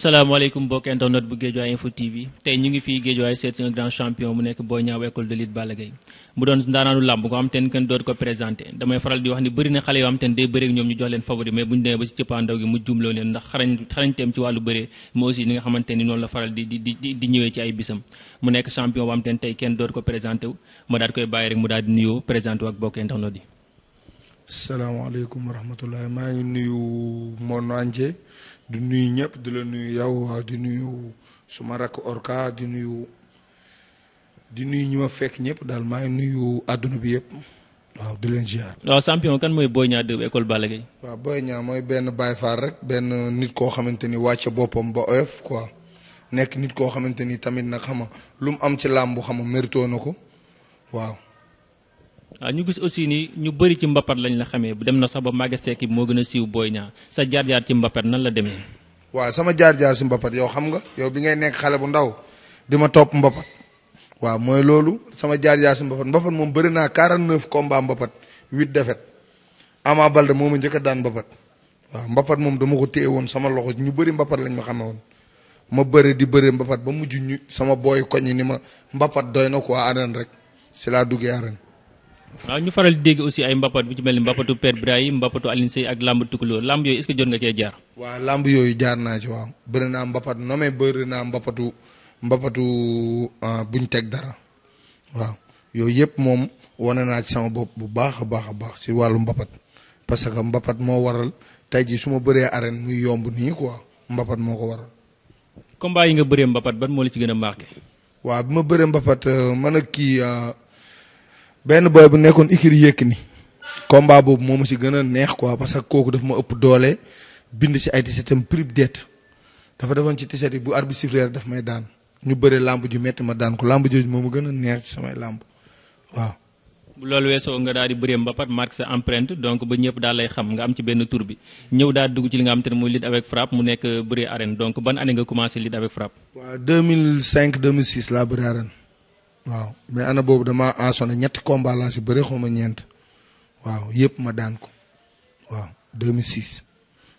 asalaamaaleykum mbokk internet bu Guédiawaye Info TV tey ñu ngi fii Guédiawaye seet si un grand champion mu nekk Boy Niang école de lutte Balla Gaye mu doon ndaanaanu làmb ko am teen kenn doot ko présenté damay faral di wax ni bëri na xale yoo am teen day bëreek ñoom ñu jox leen favori mais bu ñu demee ba si cëppaandaw gi mu jumloo leen ndax xarañ xarañteem ci wàllu bëree mais aussi ni nga xamante ni noonu la faral di di di di ñëwee ci ay bisam mu nekk champion bu am teen tey kenn ko présenté wu ma daal koy bàyyi rek mu daal di nuyoo présenté wu ak mbokk internet yi salaamaaleykum wa rahmatulah maa ngi nuyu monde entier du nuyu ñëpp di la nuyu yow di nuyu suma rakk orka di nuyu di nuyu ñu ma fekk ñëpp daal maa ngi nuyu àdduna bi yëpp waaw di leen ziar. waaw champion kan mooy Boy Niang 2 école Balla Gaye. waaw Boy Niang mooy benn Baye Fall rek benn nit koo xamante ni wàcce boppam ba oyof quoi nekk nit koo xamante ni tamit nag xam lu mu am ci làmb xam nga mérito na ko waaw. Ah, ñu gis aussi ni ñu bëri ci mbapat lañ la xamee dem na sax ba màgge seeki moo gën siiw sa jaar jaar ci mbapat nan la sama jaar jaar si mbapat yow xam nga yow bi ngay nekk xale bu ndaw di ma mbapat waaw mooy loolu sama jaar jaar si mbapat mbapat moom bëri naa 49 combat mbapat 8 défaite ama balde moo ma njëkk a daan mbapat waaw mbapat moom dama ko sama loxo ñu bëri mbapat lañ ma xamee ma di bëri mbapat ba mujj sama boy koñ ni ma mbapat doy na quoi rek si laa arène waaw ah, ñu faral di dégg aussi ay mbapat bu ci mel ni mbapatu Père Brahim mbapatu Aline Sey ak lamb tukulóor lamb yooyu est ce que jot nga cee jaar. waaw lamb yooyu jaar naa ci waaw bëri naa mbapat nome bëri naa mbapatu mbapatu ah, buñ teg dara waaw yooyu yëpp moom wane naa ci sama bopp bu baax a baax a baax si wàllu mbapat parce que mbapat moo waral tey ji su ma bëree arène muy yomb nii quoi mbapat moo ko waral. combat yi nga bëree mbapat ban moo la ci gën a marqué. waaw bi ma bëree mbapat euh, man ak kii. Euh, ben boy bu nekkon ikir yek ni combat bobu moo ci gëna neex quoi parce que koku daf ma upp doole bind ci ay tisetam prib deet dafa defon ci tiset bu arbi sifreer daf may daan ñu bëre lamb ju metti ma daan ko lamb joj moo gëna neex ci samay lamb waaw bu loolu wesso nga daal di bëreem ba pat marque sa empreinte donc ba ñëpp daal lay xam nga am ci benn tour bi ñëw daal dugg ci li nga am tane moy mooy avec frappe mu nekk bëré arène donc ban année nga commencé lutte avec frappe waaw 2005 2006 la bëré arène waaw mais ana boobu dama ensonné ñetti combat laa si bëri xawma ñeent waaw yëpp ma daan ko waaw 2006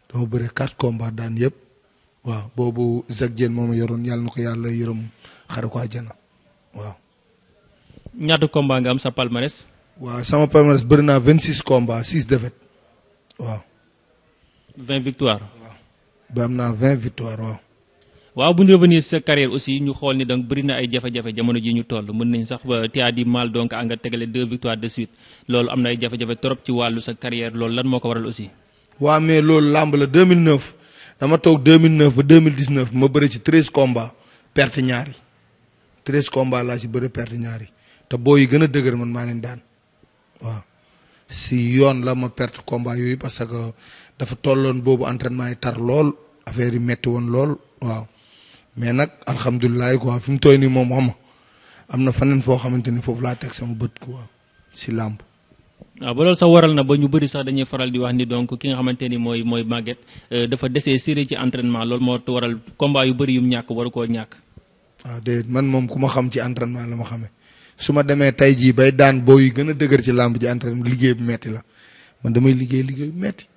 dama bëri quatre combat daan yëpp waaw boobu Zac Diène moom yoroon yàlla na ko yàlla yërëm xare ko àjjana waaw. ñaata combat nga am sa palmarès. waaw sama palmarès bëri naa 26 combats 6 défaites waaw. 20 victoires. waaw ba am naa 20 victoires waaw. waaw bu ñu revenir sa carrière aussi ñu xool ni donc bëri na ay jafe-jafe jamono ji ñu toll mën nañ sax ba tu as dit mal donc à nga tegale deux victoires de suite loolu am na ay jafe-jafe trop ci wàllu sa carrière loolu lan moo ko waral aussi. waaw mais loolu làmb la 2009 dama toog 2009 ba 2019 ma bëri ci treize combats perte ñaari treize combats laa si bëri perte ñaari te boo yi gën a dëgër man maa leen daan waaw si yoon la ma perte combat yooyu parce que dafa tolloon boobu entraînement yi tar lool affaire yi metti woon lool waaw. mais nak alhamdullilah quoi fim toy ni mom xama amna fanen fo xamanteni fofu la tek sama beut quoi ci lampe waaw ah, ba lol sa waral na ba ñu bëri sax dañuy faral di wax ni donc ki nga xamanteni moy moy mooy màgget euh, dafa déssé séré ci entraînement lol mo waral combat yu bëri yu ñak war ko ñak waaw ah, de man mom ku xam ci entraînement lama xamé suma démé tay ji bay daan boy gëna dëgër ci lampe ji entraînement liggéey bu metti la man damay liggéey liggéey metti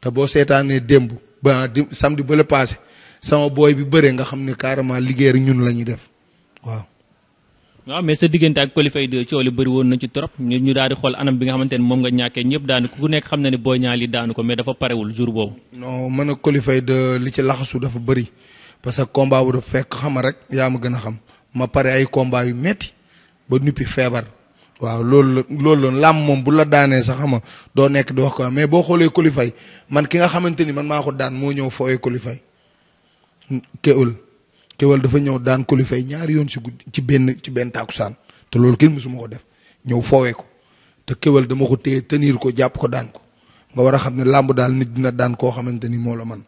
ta bo seetaanee démb ba samedi bu le passé sama boy bi bëree nga xam ne carrément liggéey rek ñun la ñuy def waaw. waaw mais sa diggante ak qualify de coow bëri na ci trop ñu ñu daal di anam bi nga xamante ne moom nga ñàkkee ñëpp daanu ku nekk xam na ne booy ñaali daanu ko mais dafa parewul jour boobu. non man a qualify de li ci laxasu dafa bëri parce que combat bu dafa fekk xam rek yaa ma gën a xam ma pare ay combat yu metti ba nuppi feebar. waaw loolu lol loolu la làmm moom bu la daanee sax xama doo nekk di wax ko mais boo xoolee qualify man ki nga xamante ni man maa ko daan moo ñëw fooyee qualify keul keul dafa ñew daan ko li fay ñaar yoon ci ci ben ci ben takusan te loolu kenn musuma ko def ñew fowé ko te keul dama ko téye tenir ko japp ko daan ko nga wara a lamb daal nit dina daan ko xamanteni ni la man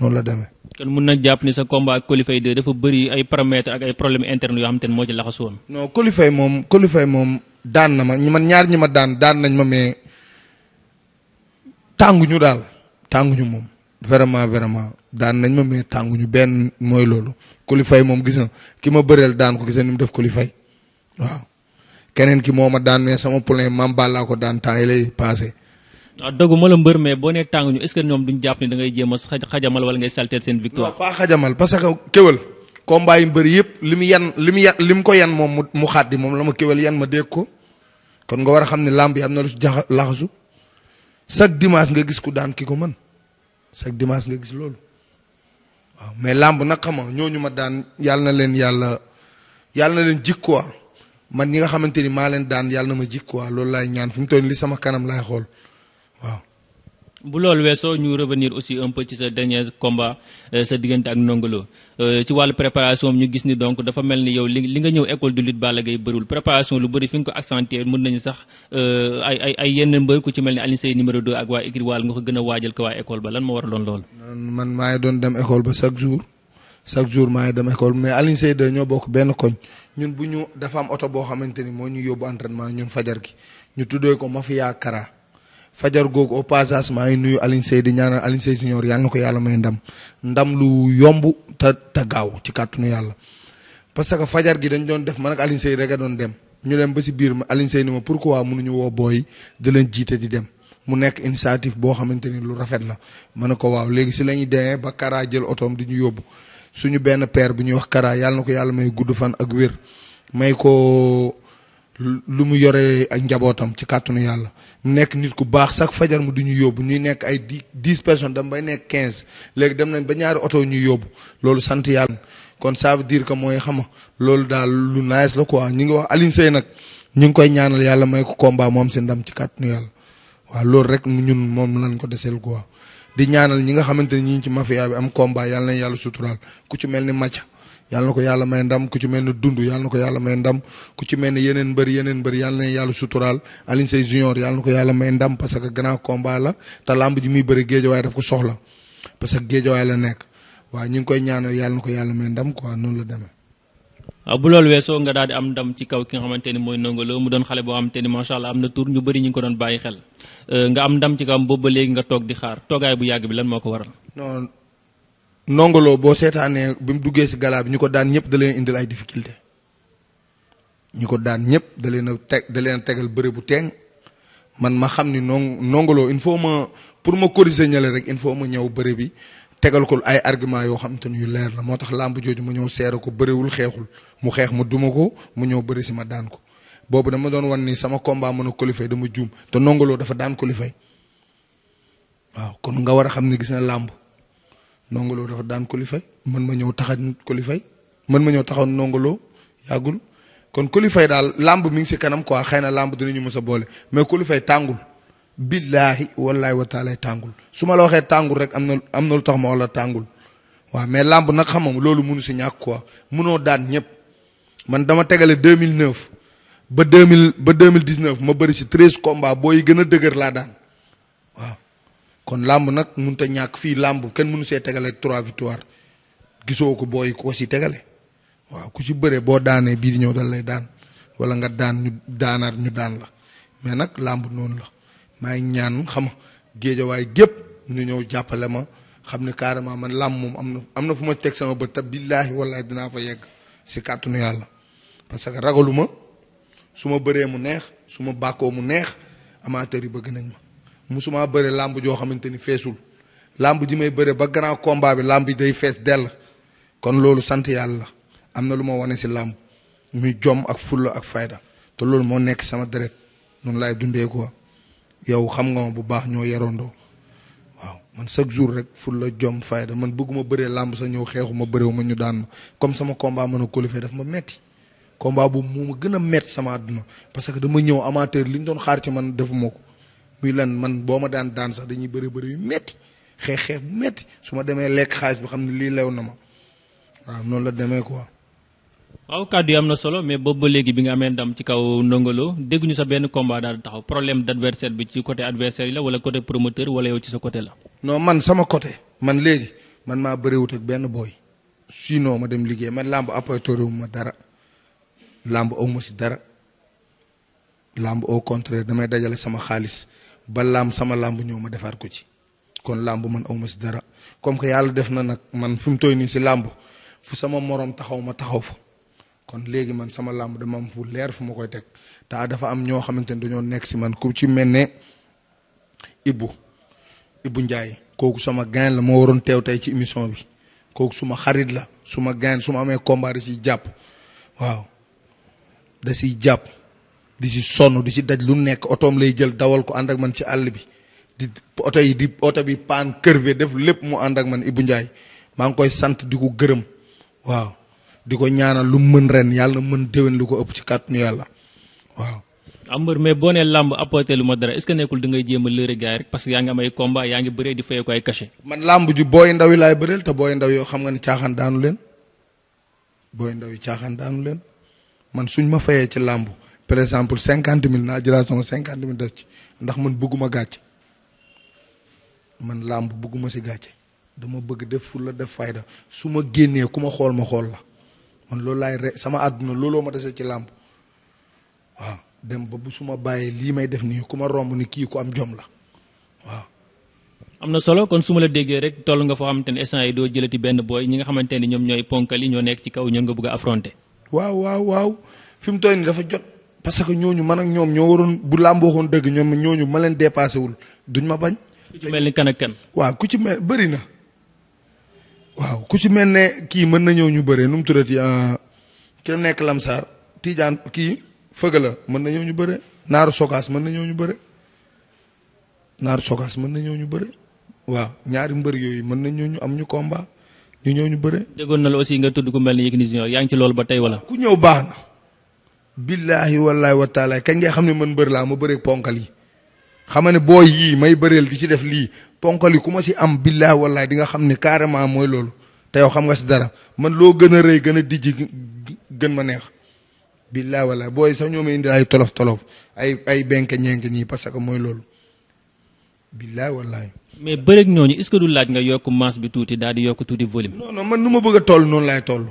non la démé kon mun na jàpp ni sa combat ak Colifay 2 dafa bëri ay paramètres ak ay problèmes internes yoo xam te ne moo ci laxasu woon. non Colifay mom Colifay mom daan na ma ñi man ñaar ñima daan daan nañ ma mais ñu daal ñu mom vraiment vraiment daan nañ ma mais tànguñu benn mooy loolu kulifay moom gis na ki ma bëreel daan ko gis na ni mu def kulifay waaw keneen ki moo ma daan mais sama poulain maam bàllaa ko daan temps yi lay passé waaw ah, dogu ma la mbër mais boo nee tànguñu est-ce que ñoom duñ jàpp ni da ngay a xajamal wala ngay salteel seen victoire non pas parce que kéwal combat yu mbëri yëpp li mu yan li mu yan li mu ko yan moom mu mu xàddi moom la ma kéwel yan ma dégg ko kon nga war a xam ne làmb yi am na lu si jaxa laxasu chaque dimanche nga gis ku daan ki ko mën chaque dimanche nga gis loolu waaw mais làmb nag xam nga ñooñu ma daan yàlla na leen yàlla yàlla na leen jik quoi man ñi nga xamante ni maa leen daan yàlla na ma jik quoi loolu laay ñaan fu mu toll li sama kanam laay xool waaw. bu loolu weesoo ñu revenir aussi un peu ci sa dernier combat eh, sa digënté ak nongolo eh, ci wàllu préparation ñu gis ni donc dafa mel ni yow li nga ñëw école du lutte Balla gay bëriwul préparation lu bëri fi nga ko accentuer mën nañu sax eh, ay ay ay yenn mbeur ku ci mel ni Alioune Seye numéro 2 ak wa écrit waal nga ko gën a waajal ko wa école ba lan mo war a doon loolu man maa doon dem école ba chaque jour chaque jour maa dem école mais Alioune Sey 2 ñoo bokk benn koñ ñun bu ñu dafa am auto boo xamante ni moo ñu yóbbu entraînement ñun fajar gi ñu tuddee ko Mafia Kara fajar googu au passage maa ngi nuyu Alioune Seye di ñaanal Alioune Seye junior na ko yàlla may ndam ndam lu yomb te te gaaw ci kàttanu yàlla parce que fajar gi dañ doon def man ak Alioune Seye rek a doon dem ñu dem ba si biir ma Alioune Seye ni ma pourquoi mënuñu woo booy di leen jiite di dem mu nekk initiative boo xamante ni lu rafet la ma ne ko waaw léegi si la ñuy demee ba Kara jël otoom di ñu yóbbu suñu benn père bu ñuy wax Kara yàlla na ko yàlla may gudd fan ak wér lu mu yoree ak njabootam ci kàttanu yàlla mu nekk nit ku baax chaque fajar mu du ñu yóbbu ñuy nekk ay dix dix personnes dama bay nekk quinze léegi dem nañ ba ñaari oto ñu yóbbu loolu sant yàlla kon ça diir dire que mooy xama loolu daal lu nice la ko quoi ñu ngi wax Alioune Seye nag ñu ngi koy ñaanal yàlla may ko combat moom si ndam ci kàttanu yàlla waa loolu rek mu ñun moom lañ ko deseel quoi di ñaanal ñi nga xamante ni ñi ci mafia bi am combat yàlla na yàlla suturaal ku ci mel ni Macha. yàlla na ko yàlla may ndam ku ci mel ne dund yàlla na ko yàlla may ndam ku ci mel ne yeneen mbër yeneen mbër yàlla na yàlla suturaal Alioune Seye junior yàlla na ko yàlla may ndam parce que grand combat la te làmb ji muy bëri géejawaay daf ko soxla la nekk waaw ñu ngi koy ñaanal yàlla na ko yàlla may ndam quoi noonu la demee. Ah, bu loolu weesoo nga daal di am ndam ci kaw ki nga xamante ni mooy Ndongo Lo mu doon xale boo xamante ni macha allah am na tur ñu bëri ñu ngi ko doon bàyyi xel euh, nga am ndam ci kawam boobu ba léegi nga toog di xaar toogaay bu yàgg bi lan moo ko waral. nongolo bo seetaanee bimu mu ci si galaa bi ñu daan ñep da leen indi ay difficulté ñuko daan ñep da leen tek da leen tegal bëre bu teeng man ma xamni nongolo il faut ma pour ma corriger ñale rek il faut ma ñew bëre bi tegal ko ay argument yo xam yu leer la motax lamb joju mu ñew ñëw ko bëriwul xéxul mu xéx mu duma ko mu ñew bëre ci ma daan ko bobu dama doon wan ni sama combat mëna a dama joom te nongolo dafa daan qualifié waaw kon nga wara xamni gis na lamb nongolo dafa daan kulifay man ma ñëw taxan kulifay man ma ñëw taxaw nongolo yagul kon kulifay daal lamb mi ngi si kanam quoi xëy na lamb dinañu mës a boole mais kulifay tàngul billahi wallahi wa taala tàngul su ma la waxee tàngul rek am na am na lu tax ma wala tàngul waaw mais lamb nag xamam loolu mënu si ñàkk quoi mënoo daan ñëpp man dama tegale 2009 ba 2000 ba 2019 ma bëri si 13 combat booy gën dëgër laa daan kon lamb nak mënut a fi fii làmb kenn mënu see tegale trois victoires ko ko si tegale wa ku si bëree bo daané bi di ñëw dal lay daan wala nga daan ñu daanar ñu daan la mais nak lamb non la may ñaan xam nga way gépp ñu ñëw jappalé ma xamni ne man lamb moom amna amna fuma na sama bëtt te billaahi wallaahi fa yegg carte kàttanu yalla parce que ragalu ma su mu neex suma bako mu neex amateur yi bëgg nañ ma musuma bëre làmb joo xamante ni feesul làmb ji may bëre ba grand combat bi làmb ji day fees dell kon loolu sant yàlla am na lu ma wane si làmb muy jom ak fulla ak fayda te loolu moo nekk sama deret noonu laay dundee ko yow xam nga ma bu baax ñoo yarandoo waaw man chaque jour rek fulla jom fayda man bëgguma bëree làmb sa ñëw xeexu xeexuma bëréew ma ñu daan ma comme sama combat mën a qualifier daf ma metti combat bu moo ma gën a metti sama àdduna parce que dama ñëw amateur li ñu doon xaar ci man defuma ko muy lan man boo ma daan daan sax dañuy bëri bëri metti métti xeex xeex bu métti su ma demee lekk xaalis bi xam ne lii lew na ma waaw noonu la demee quoi. waaw kàddu yi am na solo mais boobu ba léegi bi nga amee ndam ci kaw ndongolo dégguñu sa benn combat daal taxaw problème d' adversaire bi ci côté adversaire yi la wala côté promoteur wala yow ci sa côté la. non man sama côté man léegi man maa bëriwut ak benn boy sinon ma dem liggéey man làmb apporteru ma dara lamb aw ma si dara lamb au contraire damay dajale sama xaalis ba lamb sama lamb ñëw ma defaat ko ci kon lamb man awma ci dara comme que yalla def na nak man fi mu toy ni si lamb fu sama morom taxaw ma taxaw fa kon legi man sama lamb dama am fu leer fu makoy tek ta dafa am ño xamanteni dañu nekk man ku ci mel ibu ibu njaay koku sama gain la mo woron tew tay ci émission bi koku suma xarit la suma gain suma amé combat ci japp waaw da ci japp di ci sonu di ci daj lu nekk otoom lay jël dawal ko and ak man ci all bi di auto yi di auto bi pan kerve def lepp mu and ak man ibou ndjay ma ngi koy sant di ko gërem waaw di ko ñaanal lu mën ren yalla mën dewen lu ko ëpp ci kàttanu yalla waaw ambeur mais boo nee lamb apporté lu ma dara est ce que nekul da ngay jéem a gaay rek parce que ya nga may combat ya nga bëré di fay ko ay cachet man lamb ju boy ndaw yi bëreel te boy ndaw yo xam nga ni caaxaan daanu len boy ndaw yi daanu len man suñ ma fayé ci lamb par exemple cinquante mille naa jëlaat sama cinquante mille def ci ndax man bëgguma gàcce man làmb bëgguma si gàcce dama bëgg def la def fayda su ma génnee ku ma xool ma xool la man loolu laay re sama àdduna looloo ma dese ci làmb waaw dem ba bu suma ma bàyyee lii may def nii ku ma romb ni kii ku am jom la waaw. am na solo kon suma la déggee rek toll nga foo xamante ne instant yi doo jëlati benn booy ñi nga xamante ne ñoom ñooy ponkali ñoo nekk ci kaw ñoon nga bëgg a affronter. waaw waaw waaw fi mu toll dafa jot parce que ñooñu man ak ñoom ñoo waroon bu làmbooxoon dëgg ñoom ñooñu ma leen dépassé wul duñ ma bañ. ku ci mel ni kan ak kan. waaw ku ci mel bëri na waaw ku ci mel ne kii mën na ñëw ñu bëree nu mu euh, ki nekk lamsaar tijaan kii fëgg la mën na ñëw ñu bëree naaru sokaas mën na ñëw ñu bëree naaru sokaas mën na ñëw ñu waaw ñaari mbër yooyu mën na ñëw am ñu combat ñu ñëw ñu bëree. na la aussi nga tudd ku mel ni Yékini ci loolu ba tey wala. ku ñëw baax billaahi wallaahi wa taala kañ nga xam ne man mbër laa ma bëree ponkal yi xam nga ne booy yii may bëreel di ci def lii ponkal yi ku ma si am billaahi wallaahi di nga xam ne carrément mooy loolu te yow xam nga si dara man loo gën a rëy gën a dijji gën ma neex billaahi wallaahi booy sax ñoo may indi ay tolof tolof ay ay benk ñenk nii parce que mooy loolu billaahi wallaahi. mais bëreeg ñooñu est-ce du laaj nga yokk masse bi tuuti daal di yokk tuuti volume. non non man nu ma bëgg toll noonu laay toll.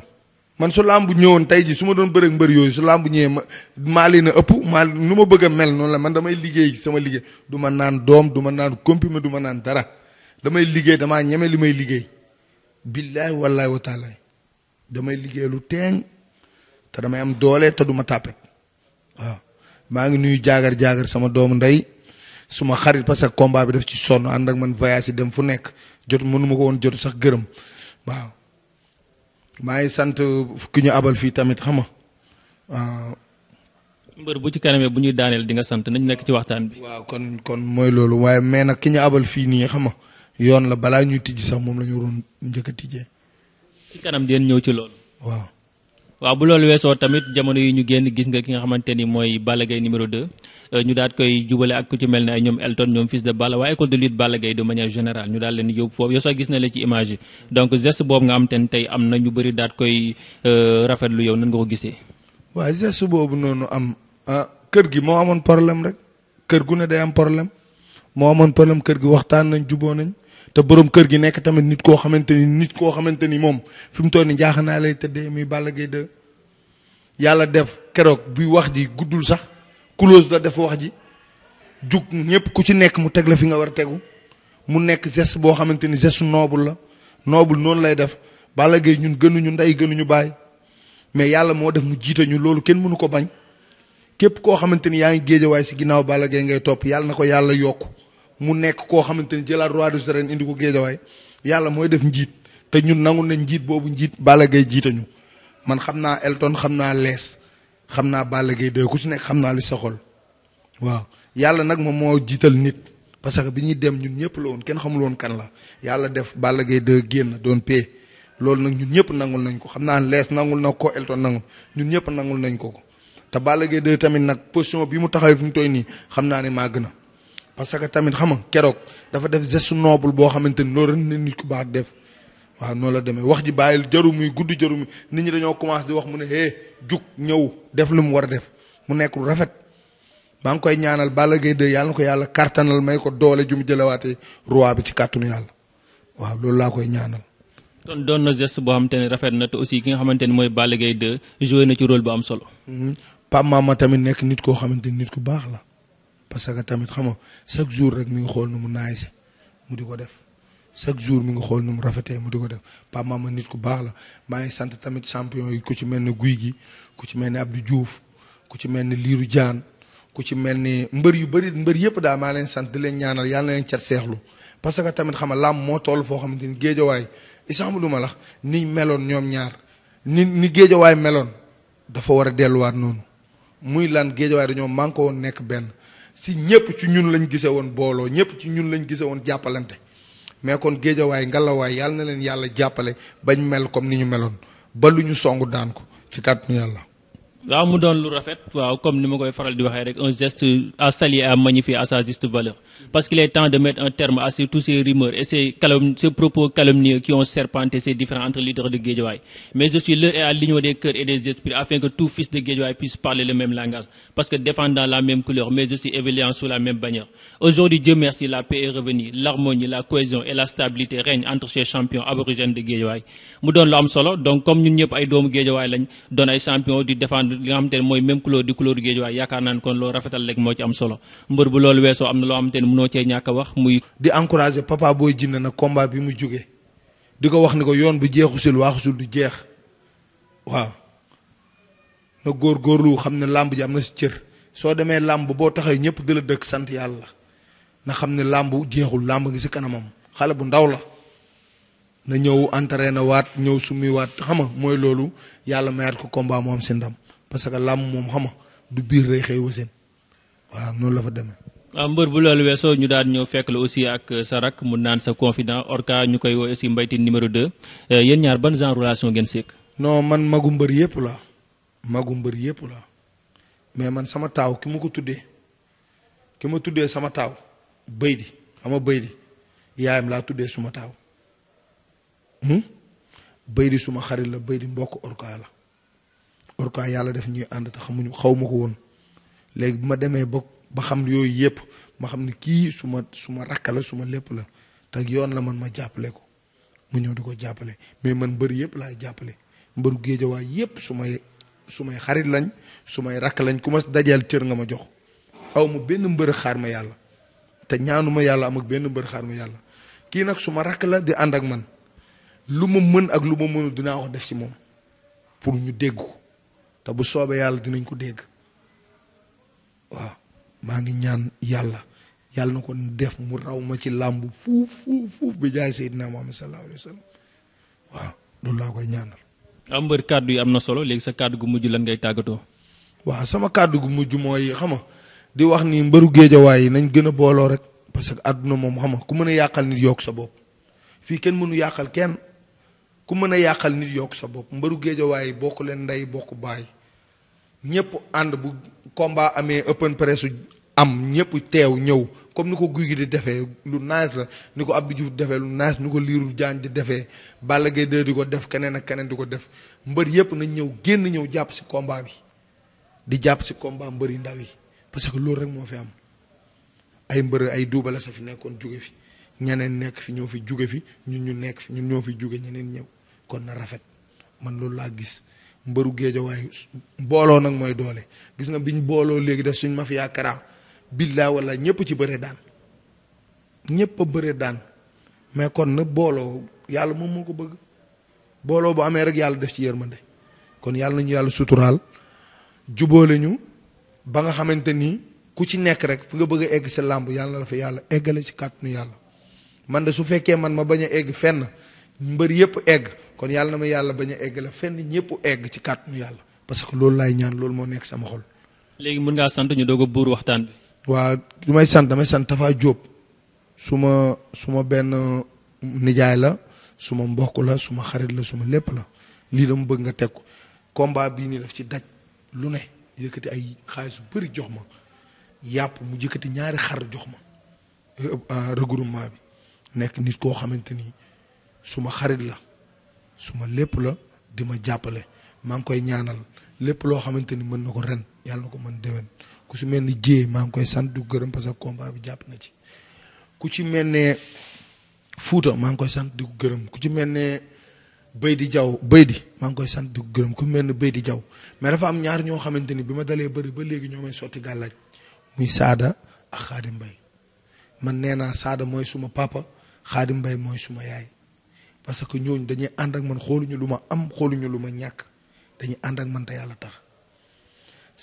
man su bu ñëwoon tey ji su ma doon bëreeg mbër yooyu su làmb ñëwee ma maa leen a ëpp maa nu ma bëgg mel noonu la man damay liggéey sama liggéey du ma naan doom du ma naan comprimé du ma naan dara damay liggéey damaa ñeme li may liggéey billaay wallaay wa taala damay liggéey lu teeŋ te damay am doole te duma ma tàppet waaw maa ngi nuyu jaagar jaagar sama doomu ndey suma xarit parce que combat bi daf ci sonn ànd ak man voyage dem fu nekk jot mënuma ko woon jot sax gërëm waaw maa ngi sant ki ñu abal fii tamit xam nga mbër bu ci kanamee bu ñuy daaneel di nga sant nañ nekk ci waxtaan bi. waaw kon kon mooy loolu waaye mais nag ki ñu abal fii nii xam nga yoon la balaa ñuy tijj sax moom la ñu njëkk a tijjee. ci kanam di ñëw ci loolu. waaw. waaw bu loolu weesoo tamit jamono yi ñu génn gis nga ki nga xamante ni mooy Balla Gaye numéro 2 euh, ñu daat koy jubale ak ku ci mel ni ay ñoom Elton ñoom fils de Balla waa école de lutte Balla Gaye de manière générale ñu daal leen yóbbu foofu yow sax gis na la ci image donc geste boobu nga am ten tey am na ñu bari daat koy euh, rafetlu yow nan nga ko gisee. waaw geste boobu noonu am ah kër gi moo amoon problème rek kër gu ne day am problème moo amoon problème kër gi waxtaan nañ juboo nañ. te borom kër gi nekk tamit nit koo xamante ni nit koo xamante ni moom fi mu toll nii jaaxal naa lay tëddee muy Balla Gaye 2 yàlla def keroog bi wax ji guddul sax close la def wax ji jug ñëpp ku ci nekk mu teg la fi nga war a tegu mu nekk geste boo xamante ni geste noble la noobul noonu lay def Balla Gaye ñun ñu ndey ñu bàyyi mais yàlla moo def mu jiite ñu loolu kenn mënu ko bañ képp koo xamante ni yaa ngi géejawaay si ginnaaw Balla Gaye ngay topp yàlla na ko yàlla yokk mu nekk koo xamante ni jëlaat roi des arènes indi ko géejawaay yàlla mooy def njiit te ñun nangu nañ njiit boobu njiit Balla Gaye jiitañu man xam naa Elton xam naa lees xam naa Balla Gaye de ku si nekk xam naa li soxol waaw yàlla nag moom moo jiital nit parce que bi ñuy dem ñun ñëpp la kenn xamul woon kan la yàlla def Balla Gaye génn doon pee loolu nag ñun ñëpp nangul nañ ko xam naa lees nangul na ko Elton nangul ñun ñëpp nangul nañ ko ko te Balla Gaye de tamit nag position bi mu taxawee fu mu toy nii xam naa ne màgg na parce que tamit xam nga keroog dafa def geste noble boo xamante ni loolu ren nit ku baax def waaw noonu la demee wax ji bàyyil jaru muy gudd jaru nit ñi dañoo commencé di wax mu ne hee jug ñëw def lu mu war a def mu nekk lu rafet. maa ngi koy ñaanal Balla Gaye 2 yàlla ko yàlla kartanal may ko doole ju mu jëlewaatee roi bi ci kàttanu yàlla waaw loolu laa koy ñaanal. kon doon na geste boo xamante ne rafet na te aussi ki nga xamante ni mooy Balla Gaye 2 joué na ci rôle bu am solo. Mhm. Pape Mama tamit nekk nit koo xamante ni nit ku baax la. parce que tamit xam nga chaque jour rek mi ngi xool nu mu naay si mu di ko def chaque jour mi ngi xool nu mu rafetee mu di ko def Pape Mamadou nit ku baax la maa ngi sant tamit champion yi ku ci mel ni Guy gi ku ci mel ni Abdou juuf ku ci mel ni Lirou Diane ku ci mel ni mbër yu bëri mbër yëpp daal maa leen sant di leen ñaanal yàlla na leen cat seexlu parce que tamit xam nga làmb moo toll foo xamante ni géejawaay isaam lu ma lax ni meloon ñoom ñaar ni ni géejawaay meloon dafa war a delluwaat noonu muy lan géejawaay dañoo manqué woon nekk benn. si ñëpp ci ñun lañ gise woon booloo ñëpp ci ñun lañ gise woon jàppalante mais kon géejawaay ngalawaay yàlla na leen yàlla jàppale bañ mel comme ni ñu meloon ba lu ñu songu daan ko ci kàttanu yàlla waaw mu doon lu rafet comme ni koy un geste à saluer à magnifier à sa juste valeur parce qu'il est temps de mettre un terme à tous ces rumeurs et ces, propos calomnieux qui ont serpenté ces différents entre leaders de Guédiawaye mais je suis là et à l'union des cœurs et des esprits afin que tout fils de Guédiawaye puisse parler le même langage parce que défendant la même couleur mais je aussi évoluant sous la même bannière aujourd'hui Dieu merci la paix est revenue l'harmonie la cohésion et la stabilité règnent entre ces champions aborigènes de Guédiawaye mu donnons lu donc comme nous n'y ay doomu Guédiawaye champions du défendre li nga xamante ne mooy même couleur di couleur du géej waaye yaakaar naa ne kon loolu rafetal rek moo ci am solo mbër bu loolu weesoo am na loo xamante ne mënoo cee ñàkk wax muy. di encouragé papa booy jinne na combat bi mu jóge di ko wax ni ko yoon bu jeexusul waaxusul du jeex waaw na góorgóorlu xam ne làmb ji am na si cër soo demee làmb boo taxee ñëpp di la dëkk sant yàlla na xam ne làmb jeexul làmb ngi si kanamam xale bu ndaw la. na ñëw na waat ñëw summi waat xam mooy loolu yàlla mayaat ko combat mu am si ndam. parce que làmb moom xama du biir rey xëy wasin waaw noonu la fa demee. waaw ah, mbër bu loolu weesoo ñu daan ñëw fekk la aussi ak sa rak mu naan sa confident orca ñu koy woo aussi mbaytin numéro 2 eh, yéen ñaar ban genre relation ngeen seq. non man magu mbër yëpp la magu mbër yëpp la mais man sama taaw ki ma ko tuddee ki ma tuddee sama taaw bëy di xama bëy di yaayam laa tuddee suma taaw hmm? bëy di suma xarit la bëy di mbokk orca la. pourquoi yalla def ñuy and ta xamuñu xaw ma ko woon léegi bu ma ba ba xam yoy yep ma xam ne kii suma ma su ma la su la yoon la man ma jappale ko mu ñew diko jappale mais man mbër yep la jappale mbëru géejawaay yépp su suma su xarit lañ suma rak lañ ku ma dajeel cër nga ma jox aw mu benn mbeur xaar ma yalla te ñaanuma yalla am ak benn mbeur xaar ma yalla ki nak suma rak la di and ak man luma mën ak luma mënu dina wax def ci mom pour ñu déggu te bu soobe yàlla dinañ ko dégg waaw maa ngi ñaan yàlla yàlla na def mu raw ma ci làmb fuuf fuuf fuuf bi jaay Seydina Muhammad sallallahu alayhi wa sallam waaw loolu laa koy ñaanal. am mbër kàddu yi am na solo léegi sa kàddu gu mujj lan ngay tàggatoo. waaw sama kàddu gu mujj mooy xam nga di wax ni mbëru géejawaay yi nañ gën a booloo rek parce que àdduna moom xam nga ku mën a yàqal nit yokk sa bopp fii kenn mënu yàqal kenn ku mën a nit yokk sa bopp mbëru géejawaay yi bokk leen ndey bokk ñepp and bu combat amé open press am ñepp tew ñew comme niko guuy gi di defé lu nice la niko abdou diouf defé lu nice niko liru jaan di defé balla gay de diko def kenen ak kenen diko def mbeur yépp na ñew genn ñew japp ci combat bi di japp ci combat mbeur yi ndaw yi parce que lool rek mo fi am ay mbeur ay duuba la sa fi nekkon jugé fi ñeneen nekk fi ñoo fi jugé fi ñun ñu nekk fi ñun ñoo fi jóge ñeneen ñew kon na rafet man lool la gis mbeuru géeja way bolo nak moy doole gis nga biñ bolo léegi da suñ mafia kara billah wala ñepp ci beure daan ñepp beure daan mais kon na bolo yalla mom moko bëgg bolo bu amé rek yalla def ci yermande kon yalla ñu yalla sutural jubóole ñu ba nga xamanteni ku ci nekk rek fu nga bëgg egg sa lamb yalla la fa yalla eggale ci yalla man de su fekke man ma baña egg fenn mbeur yep egg kon yalla na ma yàlla bañ egg la fenn ñepp egg ci kàttanu yalla parce que lool lay ñaan lool mo nekk sama xol. legi mën nga sante ñu dogo a buur waxtaan bi. waa li may sante damay sant Tafa Diop su ma su nijaay la suma mbokk la suma xarit la suma lepp la li dama bëgg nga teg combat bi ni daf ci daj lu ne yëkëti ay xaalis bari jox ma yàpp mu jëkëti ñaari xar jox ma ah, regroupement bi nekk nit koo xamante suma xarit la suma lépp la di ma jàppale maa ngi koy ñaanal lépp loo xamante ni mën na ko ren yàlla na ko mën déwén ku ci mel ni jiyee maa ngi koy sant du gërëm parce que combat bi jàpp na ci ku ci mel ne fuuta maa ngi koy sant di gërëm ku ci mel ne di jaw béy di koy sant di gërëm ku mel ne jaw mais dafa am ñaar ñoo xamante ni bi ma dalee bëri ba léegi ñoo may sotti gàllaaj muy saada ak mbay man nee saada mooy suma papa xaadim mbay mooy suma yaay parce que andang dañuy ànd ak man xooluñu lu ma am xooluñu lu ma ñàkk dañuy ànd ak man te yàlla tax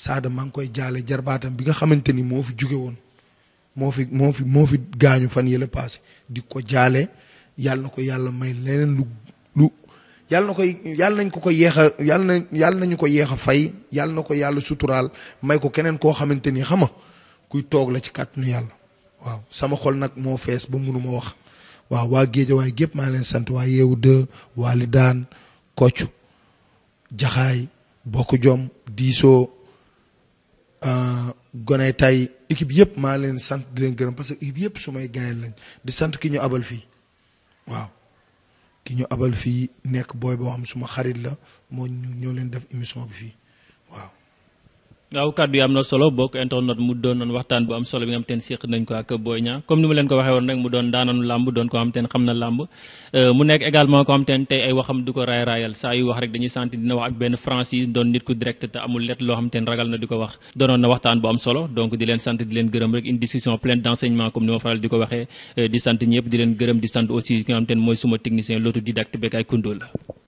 saada maa ngi koy jaale jarbaatam bi nga xamante ni moo fi jóge woon moo fi moo fi moo fi gaañu fan yële passé di ko jaale yàlla na ko yàlla may leneen lu lu yàlla na koy yàlla nañ ko ko yeex a yàlla na yàlla nañu ko yeex a fay yàlla na ko yàlla suturaal may ko keneen koo xamante xama kuy toog la ci kàttanu yàlla waaw sama xol nag moo fees ba ma wax waaw waa Géejawaay gépp maa leen sant waa yeewu de waa kocc jaxaay bokk jom diisoo euh, gone tay équipe yëpp maa leen sant di leen gërëm parce que équipe yëpp su may gaay lañ di sant ki ñu abal fii waaw ki ñu abal fii nekk booy boo xam suma xarit la moo ñu ñoo leen def émission bi fii waaw waaw kàddu yi am na solo bokk internet mu doon noon waxtaan bu am solo bi nga xam te ne séq nañ ko ak Boy Niang comme ni mu leen ko waxee woon euh, dina wax ak benn franchise doon nit ku direct te amul let loo xam te ne di wax doonoon na waxtaan bu am solo donc leen sant di leen gërëm rek une discussion pleine d'enseignement comme ni euh, di leen gërëm di sant aussi ki nga xam te ne mooy suma technicien lootu didacte bekk ay kundoo la